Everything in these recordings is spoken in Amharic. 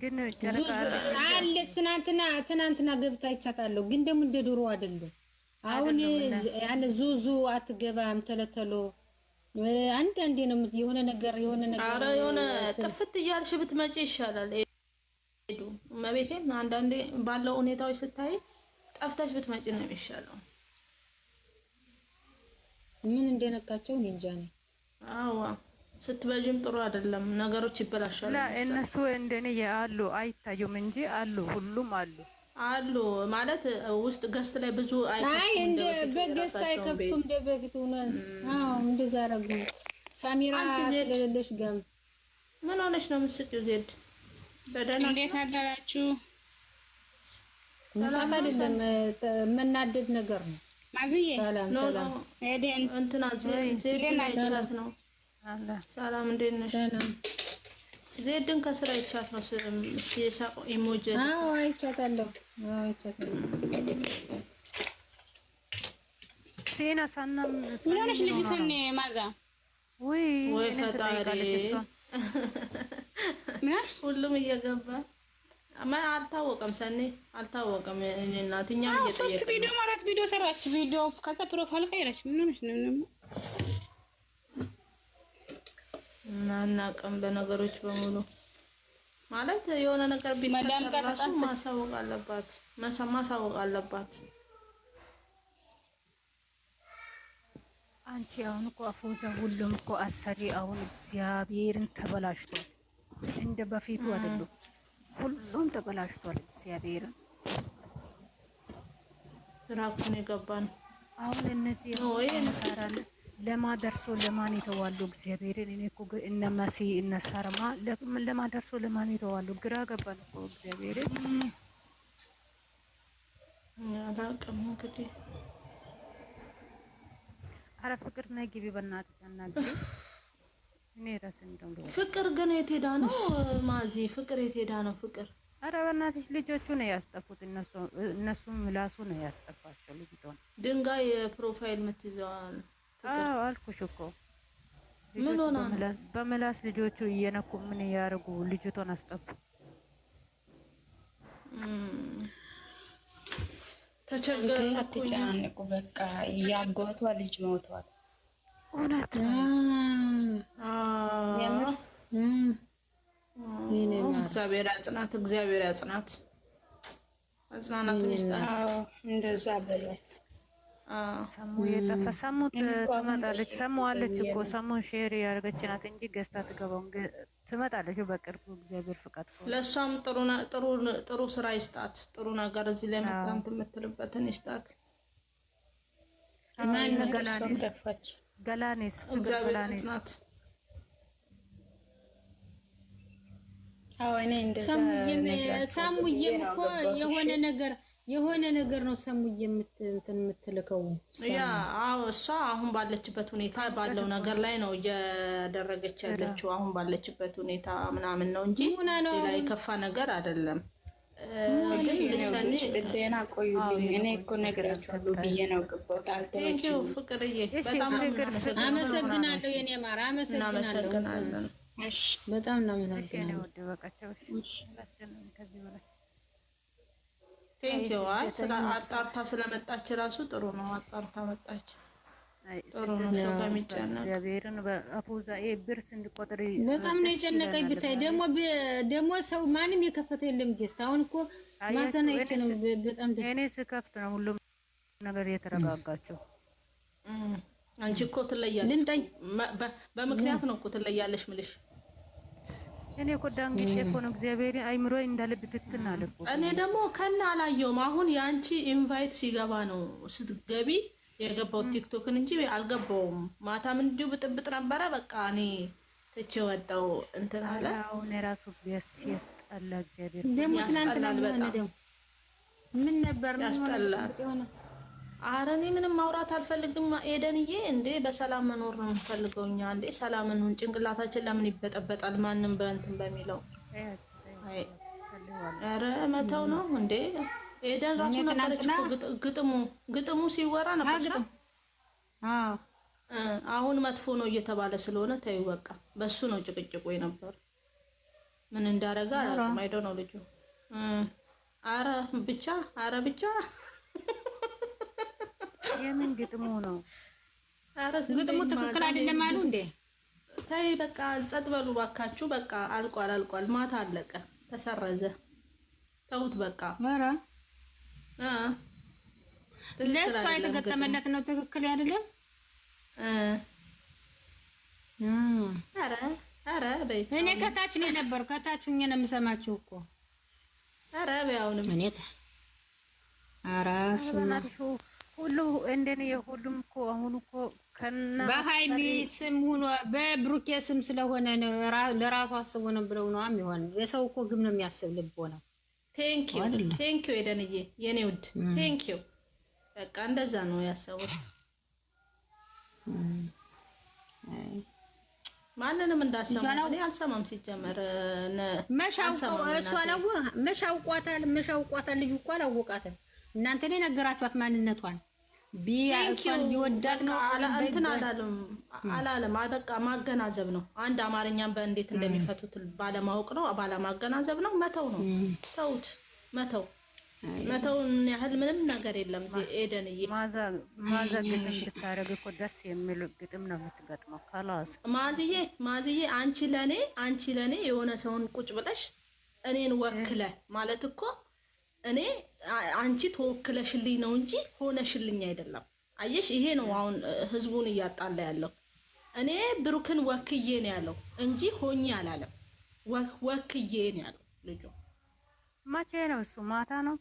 ግን አለች ትናንትና ትናንትና ገብታ ይቻታለሁ። ግን ደግሞ እንደ ዶሮ አይደሉም። አሁን ያን ዙዙ አትገባም። ተለተሎ አንዳንዴ ነው የሆነ ነገር የሆነ ነገር የሆነ ጥፍት እያልሽ ብትመጪ ይሻላል። ሄዱ እመቤቴን አንዳንዴ ባለው ሁኔታዎች ስታይ ጠፍታሽ ብትመጪ ነው የሚሻለው። ምን እንደነካቸው እኔ እንጃ ነኝ። አዎ ስትበዥም ጥሩ አይደለም፣ ነገሮች ይበላሻሉ። እነሱ እንደኔ አሉ አይታዩም እንጂ አሉ፣ ሁሉም አሉ አሉ ማለት ውስጥ ገስት ላይ ብዙ አይ በገስት አይከፍቱም እንደ በፊት ሆኗል። አዎ እንደዛ አረጉ። ሳሚራ ስለሌለሽ ገም ምን ሆነሽ ነው የምትስቂው? ዜድ በደህና እንዴት አደራችሁ? መሳቅ አይደለም መናደድ ነገር ነው። ማብዬ ሰላም ሰላም እንትና ዜድ ዜድ ነው ሰላም እንዴት ነሽ? ሰላም ዜድን ከስራ ይቻት ነው ሲሳቆ ኢሞጂ አዎ አይቻታለሁ። አዎ አይቻታለሁ። ሲና ሰናም ምን ሆነሽ ልጅ ስኒ ማዛ ወይ ወይ ፈጣሪ ሁሉም እየገባ ማን አልታወቀም። ሰኔ አልታወቀም። እኔ እናትኛም እየጠየቀ ሶስት ቪዲዮ ማለት ቪዲዮ ሰራች ቪዲዮ ከዛ ፕሮፋይል ቀይረች ምን ሆነሽ ነው አናውቅም በነገሮች በሙሉ ማለት የሆነ ነገር ቢፈጠር ራሱ ማሳወቅ አለባት ማሳወቅ አለባት። አንቺ አሁን እኮ አፎዛ ሁሉም እኮ አሰሪ አሁን እግዚአብሔርን ተበላሽቷል። እንደ በፊቱ አይደሉም። ሁሉም ተበላሽቷል። እግዚአብሔርን ስራ እኮ ነው የገባን አሁን እነዚህ ነው ይሄ ለማደርሶ ለማን የተዋሉ እግዚአብሔርን እኔ እኮ እነ መሲ እነ ሳርማ ለማደርሶ ለማን የተዋሉ ግራ ገባን እኮ እግዚአብሔርን። አላውቅም እንግዲህ። አረ ፍቅር ነይ ግቢ በእናትሽ አናግሪ። እኔ ራሴ እንደው ፍቅር ግን የት ሄዳ ነው ማዚ? ፍቅር የት ሄዳ ነው ፍቅር? አረ በእናትሽ ልጆቹ ነው ያስጠፉት። እነሱ እነሱም ምላሱ ነው ያስጠፋቸው። ልጅቷን ድንጋይ ፕሮፋይል የምትይዘዋል አልኩሽ እኮ በምላስ ልጆቹ እየነኩ ምን እያደረጉ ልጅቷን አስጠፉ። ተቸገሩ። አትጨናንቁ፣ በቃ ያጎቷ ልጅ ሞቷል። እውነት እግዚአብሔር ያጽናት፣ እግዚአብሔር ያጽናት፣ አጽናናት። እንደዛ በላል ሰሙ የለፈ ሰሙ ትመጣለች። ሰሙ አለች እኮ ሰሙ ሼር ያደረገች ናት እንጂ ገዝታ ትመጣለች። በቅርቡ እግዚአብሔር ፍቃድ ለእሷም ጥሩ ስራ ይስጣት፣ ጥሩ ነገር እዚህ ላይ መታንት የምትልበትን ይስጣት። ገላኔስ ገላኔስ ናት። ሰሙዬም እኮ የሆነ ነገር የሆነ ነገር ነው ሰሙ እንትን የምትልከው። አዎ እሷ አሁን ባለችበት ሁኔታ ባለው ነገር ላይ ነው እየደረገች ያለችው። አሁን ባለችበት ሁኔታ ምናምን ነው እንጂ ሌላ የከፋ ነገር አይደለም። ጤና ቆዩልኝ። እኔ እኮ ነግራችኋለሁ ብዬ ነው ገባት። አልተመቸኝም። ፍቅርዬ በጣም አመሰግናለሁ። የኔ ማር አመሰግናለሁ። በጣም ከዚህ በላይ አጣርታ ስለመጣች ራሱ ጥሩ ነው። አጣርታ መጣች። እግዚአብሔርን አፎዛ ብር በጣም ነው የጨነቀኝ። ብታይ ደግሞ ሰው ማንም የከፈተ የለም። ጌስት አሁን እኮ ማዘን አይችልም። በጣም እኔ ስከፍት ነው ሁሉም ነገር የተረጋጋቸው። አንቺ እኮ ትለያለሽ፣ በምክንያት ነው እኮ ትለያለሽ ምልሽ እኔ እኮ ዳንግጬ እኮ ነው እግዚአብሔር አይምሮ እንዳልብ ትትን አለ እኮ። እኔ ደግሞ ከና አላየውም። አሁን የአንቺ ኢንቫይት ሲገባ ነው ስትገቢ የገባው ቲክቶክን እንጂ አልገባውም። ማታም እንዲሁ ብጥብጥ ነበረ። በቃ እኔ ትቼ ወጣው እንትን አለ። አሁን የራሱ ቢያስ ያስጠላ። እግዚአብሔር ደግሞ ትናንትና ምን ምን ነበር? ምን ሆነ? አረ እኔ ምንም ማውራት አልፈልግም ኤደንዬ። እንዴ በሰላም መኖር ነው የምፈልገው እኛ። እንዴ ሰላም እንሁን። ጭንቅላታችን ለምን ይበጠበጣል? ማንም በእንትን በሚለው ረ መተው ነው እንዴ። ኤደን ራሱ ነበረች ግጥሙ ግጥሙ ሲወራ ነበር። አሁን መጥፎ ነው እየተባለ ስለሆነ ተይው በቃ። በሱ ነው ጭቅጭቁ ነበር። ምን እንዳረጋ አይደው ነው ልጁ። አረ ብቻ አረ ብቻ የምን ግጥሙ ነው? ግጥሙ ትክክል አይደለም አሉ እንዴ? ተይ በቃ ጸጥ በሉ ባካችሁ። በቃ አልቋል፣ አልቋል። ማታ አለቀ፣ ተሰረዘ። ተውት በቃ። ኧረ ለእሷ የተገጠመለት ነው ትክክል አይደለም። ኧረ ኧረ በይ። እኔ ከታች ነው ነበር፣ ከታች ሁኜ ነው የምሰማችሁ እኮ። ኧረ በይ አሁንም እኔ ኧረ እሱማ ሁሉ እንደኔ የሁሉም እኮ አሁን እኮ ከና በሀይሚ ስም ሆኖ በብሩኬ ስም ስለሆነ ነው ለራሱ አስቦ ነው ብለው ነው የሚሆን። የሰው እኮ ግብ ነው የሚያስብ ልቦ ነው። ቴንክ ዩ ቴንክ ዩ ኤደንዬ የኔ ውድ ቴንክ ዩ። በቃ እንደዛ ነው ያሰቡት። ማንንም እንዳሰማ እኔ አልሰማም። ሲጀመር መሻውቆ እሷ ነው መሻውቋታል መሻውቋታል ልጅ እኮ አላወቃትም እናንተ ላይ ነገራችኋት ማንነቷን ቢያሷን ቢወዳት ነው እንትን አላለም አላለም። በቃ ማገናዘብ ነው። አንድ አማርኛም በእንዴት እንደሚፈቱት ባለማወቅ ነው፣ ባለማገናዘብ ነው። መተው ነው። ተውት፣ መተው መተውን ያህል ምንም ነገር የለም። ኤደንዬ ማዛ ግጥም ብታደርግ እኮ ደስ የሚል ግጥም ነው የምትገጥመው። ከላስ ማዝዬ ማዝዬ አንቺ ለኔ አንቺ ለኔ የሆነ ሰውን ቁጭ ብለሽ እኔን ወክለ ማለት እኮ እኔ አንቺ ተወክለሽልኝ ነው እንጂ ሆነሽልኝ አይደለም። አየሽ፣ ይሄ ነው አሁን ህዝቡን እያጣላ ያለው። እኔ ብሩክን ወክዬ ነው ያለው እንጂ ሆኜ አላለም። ወክዬ ነው ያለው ልጁ። መቼ ነው እሱ? ማታ ነው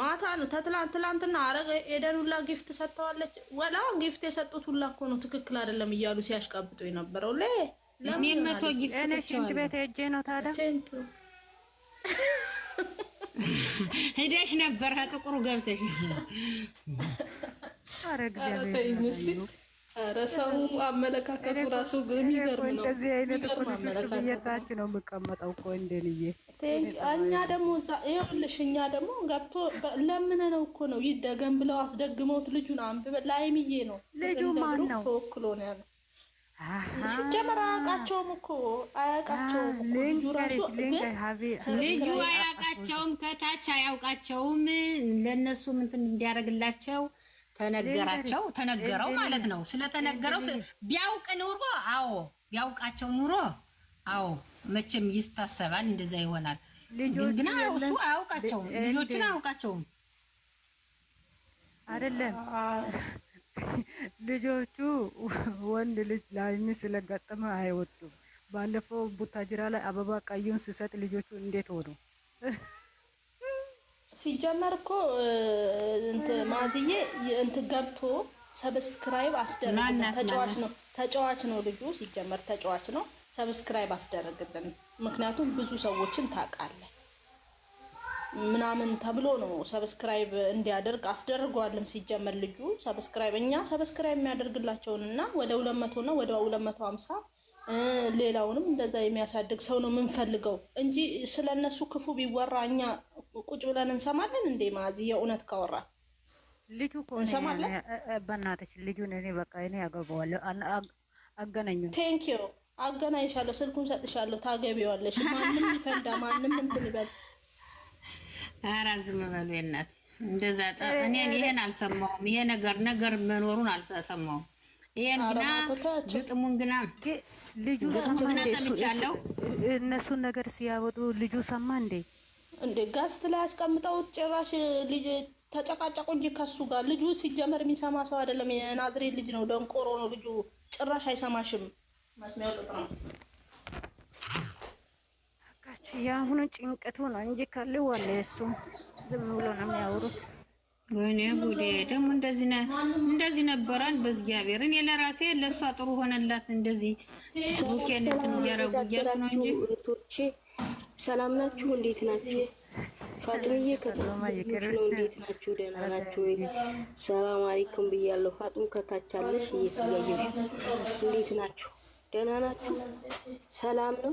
ማታ ነው ትላንትና። አረ ኤደን ሁላ ጊፍት ሰጥተዋለች። ወላ ጊፍት የሰጡት ሁላ እኮ ነው ትክክል አይደለም እያሉ ሲያሽቃብጡ የነበረው ለምን መቶ ጊፍት ነው ታዲያ ሄደሽ ነበር ጥቁሩ ገብተሽ። ኧረ እግዚአብሔር! ኧረ አመለካከቱ ራሱ የሚገርም ነው። እንደዚህ አይነት እኮ ነው የምቀመጠው እኮ እንደልዬ። እኛ ደግሞ እዛ ይኸውልሽ፣ እኛ ደግሞ ገብቶ ለምነ ነው እኮ ነው ይደገም ብለው አስደግመውት ልጁን አንብበ ላይምዬ ነው ልጁ ማን ነው ተወክሎ ነው ያለው ሲጀመር አያውቃቸውም እኮ አያውቃቸውም። ልጁ አያውቃቸውም፣ ከታች አያውቃቸውም። ለእነሱ ምንትን እንዲያደርግላቸው ተነገራቸው ተነገረው ማለት ነው። ስለተነገረው ቢያውቅ ኑሮ አዎ፣ ቢያውቃቸው ኑሮ አዎ፣ መቼም ይስታሰባል እንደዛ ይሆናል። ግና እሱ አያውቃቸውም፣ ልጆቹን አያውቃቸውም አይደለም ልጆቹ ወንድ ልጅ ላይኒ ስለጋጠመ አይወጡም። ባለፈው ቡታጅራ ላይ አበባ ቀዩን ስሰጥ ልጆቹ እንዴት ሆኑ? ሲጀመር እኮ ማዝዬ እንት ገብቶ ሰብስክራይብ አስደረግልን። ተጫዋች ነው ተጫዋች ነው ልጁ ሲጀመር ተጫዋች ነው። ሰብስክራይብ አስደረግልን። ምክንያቱም ብዙ ሰዎችን ታውቃለህ ምናምን ተብሎ ነው ሰብስክራይብ እንዲያደርግ አስደርጓልም። ሲጀመር ልጁ ሰብስክራይብ እኛ ሰብስክራይብ የሚያደርግላቸውን እና ወደ ሁለት መቶ እና ወደ ሁለት መቶ ሀምሳ ሌላውንም እንደዛ የሚያሳድግ ሰው ነው የምንፈልገው እንጂ ስለ እነሱ ክፉ ቢወራ እኛ ቁጭ ብለን እንሰማለን እንዴ? ማዚ የእውነት ካወራ ልጁ እንሰማለን። በናተች ልጁን እኔ በቃ እኔ ያገባዋለሁ። አገናኙ ቴንኪዩ አገናኝሻለሁ፣ ስልኩን ሰጥሻለሁ፣ ታገቢዋለሽ። ማንም ይፈልዳ ማንም እንትን ይበል ኧረ ዝም በሉ የእናት እንደዛ እኔን ይሄን አልሰማሁም። ይሄ ነገር ነገር መኖሩን አልሰማሁም። ይሄን ግና ግጥሙን ግና ግጥሙን ሰምቻለሁ። እነሱን ነገር ሲያወጡ ልጁ ሰማ እንዴ እንዴ ጋስት ላይ አስቀምጠው ጭራሽ ልጅ ተጨቃጨቁ እንጂ ከሱ ጋር ልጁ ሲጀመር የሚሰማ ሰው አይደለም። የናዝሬት ልጅ ነው። ደንቆሮ ነው ልጁ ጭራሽ አይሰማሽም። መስሚያው ጥጥ ነው። የአሁኑ ጭንቀቱ ነው እንጂ ካለ ዋለ እሱ ዝም ብሎ ነው የሚያወሩት። ወይኔ ጉዴ! ደግሞ እንደዚህ ነ እንደዚህ ነበራል። በእግዚአብሔር እኔ ለራሴ ለእሷ ጥሩ ሆነላት። እንደዚህ ቡኬን እንትን እያረጉ እያሉ ነው እንጂ እህቶቼ፣ ሰላም ናችሁ? እንዴት ናችሁ? ፋጡምዬ ከታች ነው። እንዴት ናችሁ? ደህና ናችሁ ወይ? ሰላም አለይኩም ብያለሁ። ፋጥሙ ከታች አለሽ፣ እየተያየሁ እንዴት ናችሁ? ደህና ናችሁ? ሰላም ነው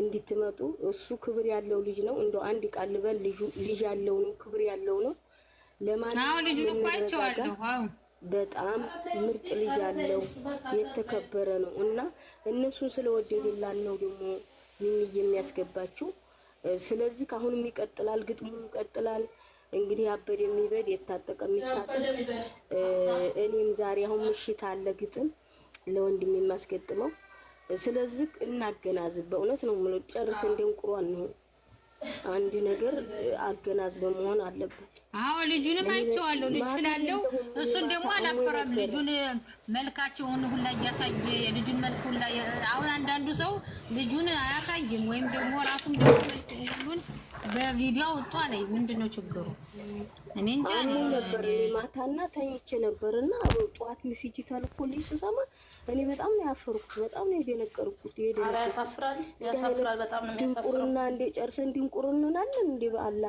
እንድትመጡ እሱ ክብር ያለው ልጅ ነው። እንደ አንድ ቃል በል ልጅ ያለው ነው፣ ክብር ያለው ነው። ለማንኛውም በጣም ምርጥ ልጅ ያለው የተከበረ ነው እና እነሱን ስለወደድላን ነው ደግሞ ሚሚዬ የሚያስገባችው። ስለዚህ ከአሁንም ይቀጥላል፣ ግጥሙ ይቀጥላል። እንግዲህ አበድ የሚበድ የታጠቀ የሚታጠቅ እኔም ዛሬ አሁን ምሽት አለ ግጥም ለወንድም የማስገጥመው ስለዚህ እናገናዝብ። በእውነት ነው የምለው፣ ጨርሰ እንደ እንቁሯን ነው አንድ ነገር አገናዝበ መሆን አለበት። አዎ ልጁንም አይቼዋለሁ። ልጅ ስላለው እሱን ደግሞ አላፈረም። ልጁን መልካቸውን ሁላ እያሳየ የልጁን መልክ ሁላ አሁን አንዳንዱ ሰው ልጁን አያሳይም ወይም ደግሞ ራሱም ደግሞ በቪዲዮ ወጥቶ አለኝ። ምንድነው ችግሩ? እኔ እንጃ ነበር። ማታና ተኝቼ ነበርና ጠዋት ሚስጅ ተልኮልኝ ስሰማ እኔ በጣም ነው ያፈርኩት፣ በጣም ነው የደነቀርኩት። ድንቁርና እንደ ጨርሰን ድንቁርናለን እንዴ? በአላ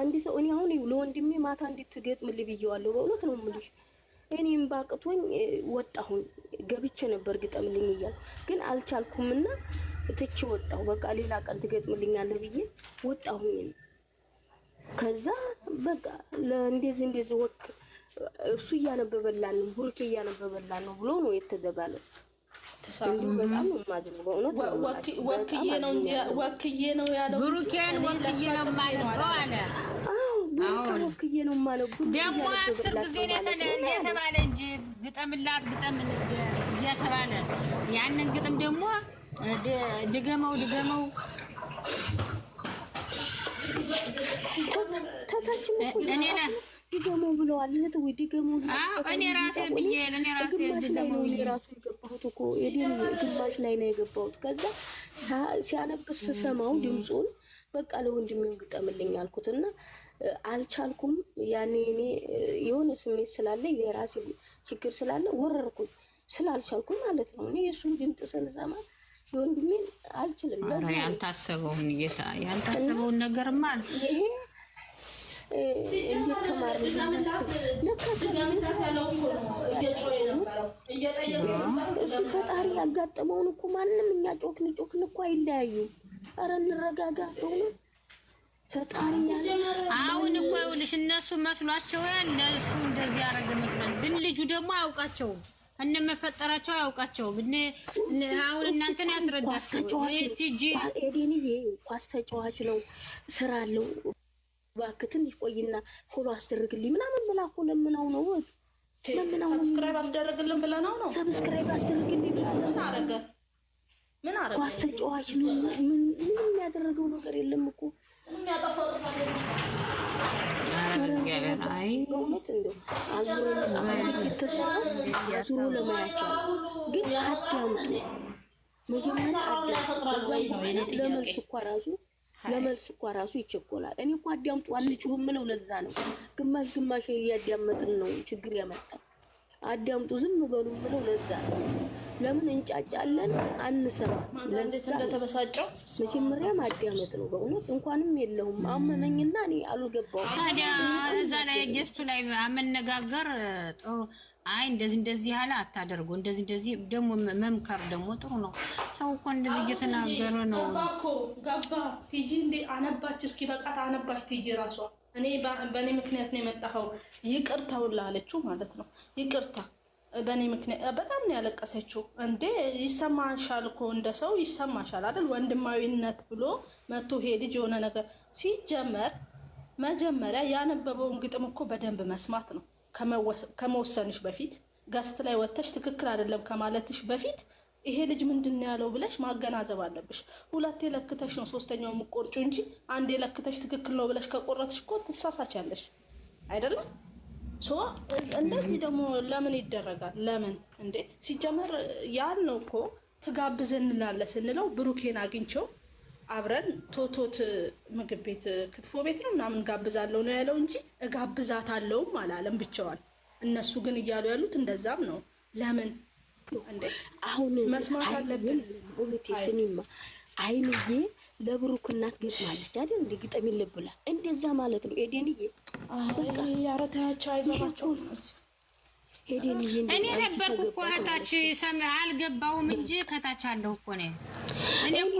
አንድ ሰው እኔ አሁን ለወንድሜ ማታ እንዴት ትገጥምልኝ ብዬዋለሁ። በእውነት ነው የምልሽ እኔም ባቅቶኝ ወጣሁኝ። ገብቼ ነበር ግጠምልኝ እያልኩ ግን አልቻልኩምና ትቼ ወጣሁ። በቃ ሌላ ቀን ትገጥምልኛለህ ብዬ ወጣሁኝ ነው። ከዛ በቃ እንደዚህ እንደዚህ ወቅ እሱ እያነበበላን ነው ሁልኬ እያነበበላን ነው ብሎ ነው የተዘጋለ። በጣም በእውነት ወክዬ ነው ያለው። ወክዬ ነው ወክዬ ነው ደግሞ አስር ጊዜ የተባለ እንጂ ግጠምላት ግጠም እየተባለ ያንን ግጥም ደግሞ ድገመው ድገመው። ድገመው ብለዋል። እኔ ግማሽ ላይ ነው የገባሁት። ከዛ ሲያነብስ ስሰማው ድምፁን በቃ ለወንድሜ ግጠምልኝ አልኩት እና አልቻልኩም። ያኔ እኔ የሆነ ስሜት የራሴ ችግር ስላለ ወረርኩኝ ስላልቻልኩኝ ማለት ነው እኔ የእሱን ድምፅ ስንሰማ የወንድሜን አልችልም። ያልታሰበውን ጌታ ያልታሰበውን ነገርማ ይሄ እሱ ፈጣሪ ያጋጠመውን እኮ ማንም እኛ ጮክን ጮክን እኮ አይለያዩም። ኧረ እንረጋጋ። ፈጣሪ አሁን እኮ ይኸውልሽ እነሱ መስሏቸው ያለ እሱ እንደዚህ ያደረገ መስሏቸው፣ ግን ልጁ ደግሞ አያውቃቸውም መፈጠራቸው አያውቃቸውም። አሁን እናንተን ያስረዳቸው ኤዴንዬ ኳስ ተጫዋች ነው፣ ስራ አለው። እባክህ ትንሽ ቆይና ፎሎ አስደርግልኝ ምናምን ብላ እኮ ለምናው ነው ሰብስክራይብ አስደርግልን ብለናው ነው ሰብስክራይብ አስደርግልኝ ብላለን አረገ ምን አረገ ኳስ ተጫዋች ነው። ምንም ያደረገው ነገር የለም እኮ ምንም ያጠፋው ጥፋት እግዚአብሔር አይ በእውነት እንደው ግን አዳምጡ መጀመሪያ ለመልስ እኮ ራሱ ለመልስ እኮ ራሱ ይቸኮላል። እኔ እኮ አዳምጡ አልጩህም ምለው ለዛ ነው። ግማሽ ግማሽ እያዳመጥን ነው ችግር ያመጣል። አዳምጡ ዝም በሉ ምለው ለዛ ነው። ለምን እንጫጫለን? አንሰራ ለዛ እንደተበሳጨው መጀመሪያ ማዳመጥ ነው። በእውነት እንኳንም የለውም አመመኝና እኔ አልገባው። ታዲያ እዛ ላይ ጀስቱ ላይ አመነጋገር ጥሩ። አይ እንደዚህ እንደዚህ ያለ አታደርጉ፣ እንደዚህ እንደዚህ ደግሞ መምከር ደግሞ ጥሩ ነው። ሰው እኮ እንደዚህ እየተናገረ ነው። ጋባ ቲጂ እንደ አነባች እስኪ በቃት አነባች ቲጂ ራሷ እኔ በእኔ ምክንያት ነው የመጣኸው ይቅርታውን ላለችው ማለት ነው ይቅርታ በእኔ ምክንያት በጣም ነው ያለቀሰችው። እንዴ ይሰማሻል እኮ እንደ ሰው ይሰማሻል አይደል? ወንድማዊነት ብሎ መቶ ይሄ ልጅ የሆነ ነገር ሲጀመር መጀመሪያ ያነበበውን ግጥም እኮ በደንብ መስማት ነው ከመወሰንሽ በፊት ገስት ላይ ወጥተሽ ትክክል አይደለም ከማለትሽ በፊት ይሄ ልጅ ምንድን ነው ያለው ብለሽ ማገናዘብ አለብሽ። ሁለቴ ለክተሽ ነው ሶስተኛው የምቆርጩ እንጂ አንዴ ለክተሽ ትክክል ነው ብለሽ ከቆረጥሽ እኮ ትሳሳች ትሳሳቻለሽ አይደለም። እንደዚህ ደግሞ ለምን ይደረጋል? ለምን እንዴ? ሲጀመር ነው እኮ ትጋብዘንናለ ስንለው ብሩኬን አግኝቸው አብረን ቶቶት ምግብ ቤት ክትፎ ቤት ነው ምናምን ጋብዛለው ነው ያለው እንጂ አለውም አላለም ብቻዋን። እነሱ ግን እያሉ ያሉት እንደዛም ነው። ለምን እንዴ? አሁን መስማት አለብን። ስኒማ አይንዬ ለብሩክ እናት ገጥማለች አይደል? እንደ ግጠም ይልብላ እንደዛ ማለት ነው። ኤደንዬ እኔ ነበርኩ እኮ ከታች አልገባውም እንጂ ከታች አለው እኮ ነው። እኔ እኮ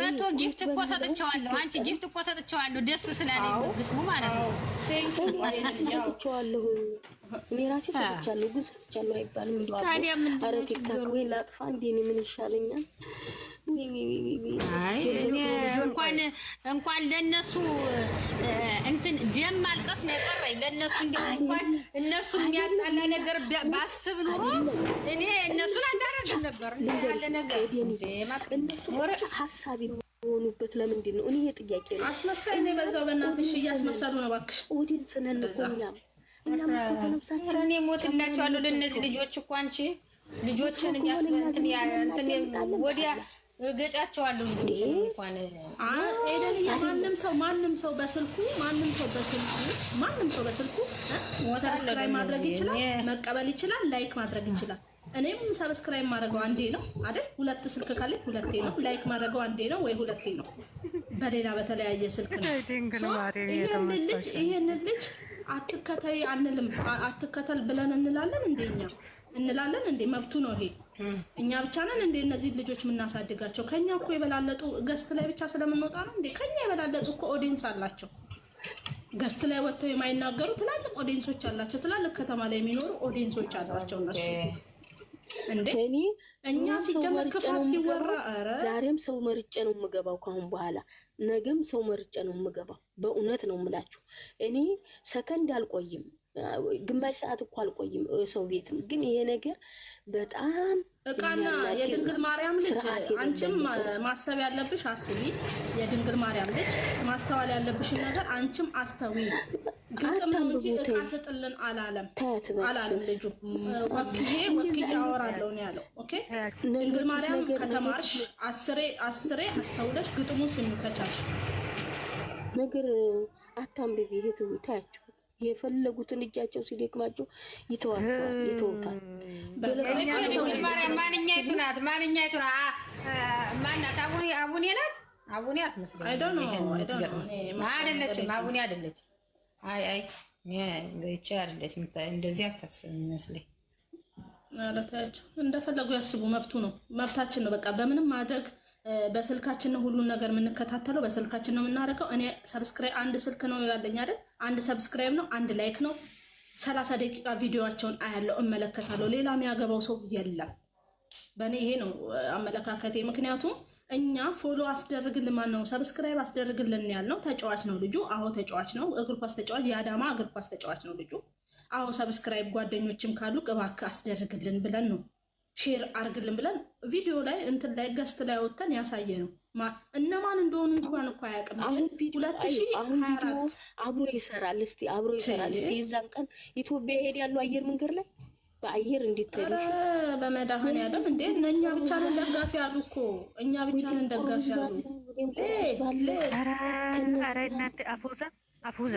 መቶ ጊፍት እኮ ሰጥቼዋለሁ። አንቺ ጊፍት እኮ ሰጥቼዋለሁ። ደስ ስላለኝ ብትሙ ማለት ነው። ሰጥቼዋለሁ እኔ ራሴ ሰጥቻለሁ፣ ግን ሰጥቻለሁ አይባልም። እንደው ታዲያ ምን ነው ኧረ ላጥፋ እንዴ? ምን ይሻለኛል? እንኳን እንኳን ለነሱ እንትን ደም ማልቀስ ነው የቀረኝ። ለነሱ እንዲያው እንኳን እነሱ የሚያጣላ ነገር ባስብ ኑሮ እኔ እነሱን አዳረግም ነበር። ያለ ነገር እነሱ ሀሳቢ የሆኑበት ለምንድን ነው? እኔ የጥያቄ ነው። አስመሳይ ነው የበዛው። በእናትሽ እያስመሰሉ ነው እባክሽ። ወዲን ስነንቆኛም እኛም እኔ ሞትላቸዋለሁ ለእነዚህ ልጆች እኮ አንቺ ልጆችን እያስመንትን ወዲያ እገጫቸዋለሁ እንግዲህ እንኳን ኤደልዬ ማንም ሰው ማንም ሰው በስልኩ ማንም ሰው በስልኩ ማንም ሰው በስልኩ ሰብስክራይብ ማድረግ ይችላል፣ መቀበል ይችላል፣ ላይክ ማድረግ ይችላል። እኔም ሰብስክራይብ ማድረገው አንዴ ነው አይደል? ሁለት ስልክ ካለ ሁለቴ ነው። ላይክ ማድረገው አንዴ ነው ወይ ሁለቴ ነው፣ በሌላ በተለያየ ስልክ ነው። ይሄን ልጅ ይሄን ልጅ አትከተይ አንልም፣ አትከተል ብለን እንላለን እንደኛ እንላለን እንዴ? መብቱ ነው ይሄ። እኛ ብቻ ነን እንዴ እነዚህ ልጆች የምናሳድጋቸው? ከኛ እኮ የበላለጡ ገስት ላይ ብቻ ስለምንወጣ ነው እንዴ? ከኛ የበላለጡ እኮ ኦዲንስ አላቸው። ገስት ላይ ወጥተው የማይናገሩ ትላልቅ ኦዲንሶች አላቸው። ትላልቅ ከተማ ላይ የሚኖሩ ኦዲንሶች አላቸው እነሱ እንዴ። እኛ ሲጀመር ክፋት ሲወራ ዛሬም ሰው መርጬ ነው የምገባው። ከአሁን በኋላ ነገም ሰው መርጬ ነው የምገባው። በእውነት ነው የምላችሁ እኔ ሰከንድ አልቆይም። ግማሽ ሰዓት እኮ አልቆይም ሰው ቤትም። ግን ይሄ ነገር በጣም እቃና የድንግል ማርያም ልጅ አንቺም ማሰብ ያለብሽ አስቢ። የድንግል ማርያም ልጅ ማስተዋል ያለብሽን ነገር አንቺም አስተዊ። ግጥም ነው እንጂ እቃ ስጥልን አላለም አላለም ልጁ። ወክዬ ወክዬ አወራለሁ ነው ያለው። ኦኬ ድንግል ማርያም ከተማርሽ አስሬ አስሬ አስተውለሽ ግጥሙ ስሚ ከቻልሽ ነገር አታንብቢ። ይሄ ትውታያችሁ የፈለጉትን እጃቸው ሲደክማቸው ይተዋል ይተውታል። ማንኛይቱ ናት? ማንኛይቱ ማናት? አቡኔ አቡኔ ናት? አቡኔ አትመስለኝም። አይደለችም፣ አቡኔ አይደለችም። አይ አይ ይቺ እንደዚህ አታስብ ይመስለኝ። እንደፈለጉ ያስቡ፣ መብቱ ነው፣ መብታችን ነው። በቃ በምንም ማድረግ በስልካችን ነው ሁሉን ነገር የምንከታተለው፣ በስልካችን ነው የምናደርገው። እኔ ሰብስክራይብ አንድ ስልክ ነው ያለኝ አይደል? አንድ ሰብስክራይብ ነው፣ አንድ ላይክ ነው። ሰላሳ ደቂቃ ቪዲዮቸውን አያለው፣ እመለከታለሁ። ሌላ የሚያገባው ሰው የለም። በእኔ ይሄ ነው አመለካከቴ። ምክንያቱም እኛ ፎሎ አስደርግልን ማን ነው ሰብስክራይብ አስደርግልን ያልነው ተጫዋች ነው ልጁ። አዎ ተጫዋች ነው፣ እግር ኳስ ተጫዋች፣ የአዳማ እግር ኳስ ተጫዋች ነው ልጁ። አዎ ሰብስክራይብ ጓደኞችም ካሉ እባክህ አስደርግልን ብለን ነው ሼር አርግልን ብለን ቪዲዮ ላይ እንትን ላይ ገስት ላይ ወተን ያሳየ ነው። እነማን እንደሆኑ እንኳን እኮ አያውቅም። አብሮ ይሰራል። እስቲ አብሮ ይሰራል። እስቲ የዛን ቀን ኢትዮጵያ ሄድ ያሉ አየር መንገድ ላይ በአየር እንዲታዩ በመድኃኒዓለም እንዴ እኛ ብቻ ነን ደጋፊ አሉ እኮ እኛ ብቻ ነን ደጋፊ አሉ። ኧረ እናንተ አፉዛ አፉዛ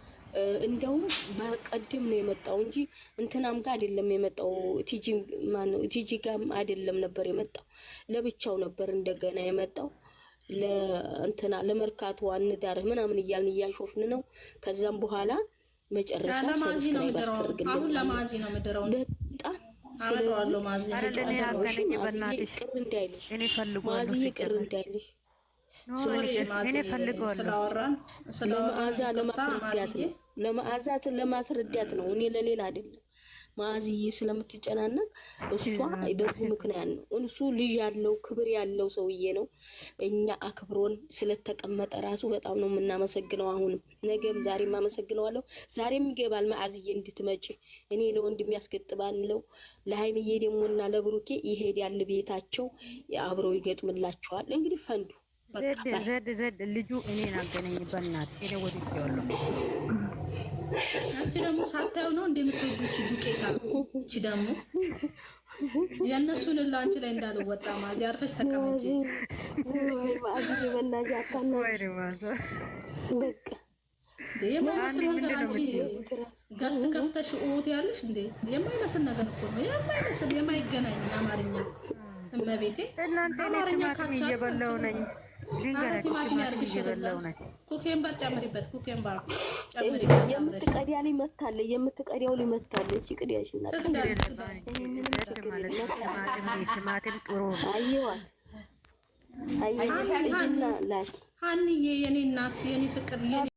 እንደውም በቀድም ነው የመጣው እንጂ እንትናም ጋር አይደለም የመጣው። ቲጂ ማነው ቲጂ ጋር አይደለም ነበር የመጣው፣ ለብቻው ነበር እንደገና የመጣው። ለእንትና ለመርካቶ አንዳርህ ምናምን እያልን እያሾፍን ነው። ከዛም በኋላ መጨረሻ ለማዚ ለማዚ ነው አሁን ነው አስደርግልን በጣም ስለዋለ ማዚ ቅር እንዳይልሽ ማዚ ቅር እንዳይልሽ ስለአወራን ስለማአዛ ለማስረዳት ነው። ለመዓዛትን ለማስረዳት ነው። እኔ ለሌላ አይደለም። መዓዝዬ ስለምትጨናነቅ እሷ በዚህ ምክንያት ነው። እንሱ ልጅ ያለው ክብር ያለው ሰውዬ ነው። እኛ አክብሮን ስለተቀመጠ ራሱ በጣም ነው የምናመሰግነው። አሁንም ነገም ዛሬም አመሰግነዋለሁ። ዛሬም ይገባል መዓዝዬ እንድትመጪ እኔ ለወንድ የሚያስገጥባንለው ለሀይምዬ ደግሞና ለብሩኬ ይሄዳል ቤታቸው አብረው ይገጥምላቸዋል። እንግዲህ ፈንዱ ዘድ ዘድ ልጁ እኔን አገናኝ በናት ሄደ ወድጀዋለሁ አንቺ ደግሞ ሳታየው ነው እንደምትወጂች ዱቄት እቺ ደግሞ የእነሱን ላ ላይ እንዳልወጣ ማዚ አርፈሽ ተቀመጪ። የማይመስል ነገር አንቺ ጋስት ከፍተሽ ኦት ያለሽ እንዴ! የማይመስል ነገር እኮ ነው። የማይመስል የማይገናኝ አማርኛ እመቤቴ፣ አማርኛ ካልቻል እየበላው ነኝ ኩኬምበር ጨምሪበት። ኩኬምበር የምትቀዲያ ላይ የምትቀዲያው ላይ እቺ ቅዲያሽ ናት። አየዋት አየዋት ላኪ ሀንዬ የኔ እናት የኔ ፍቅር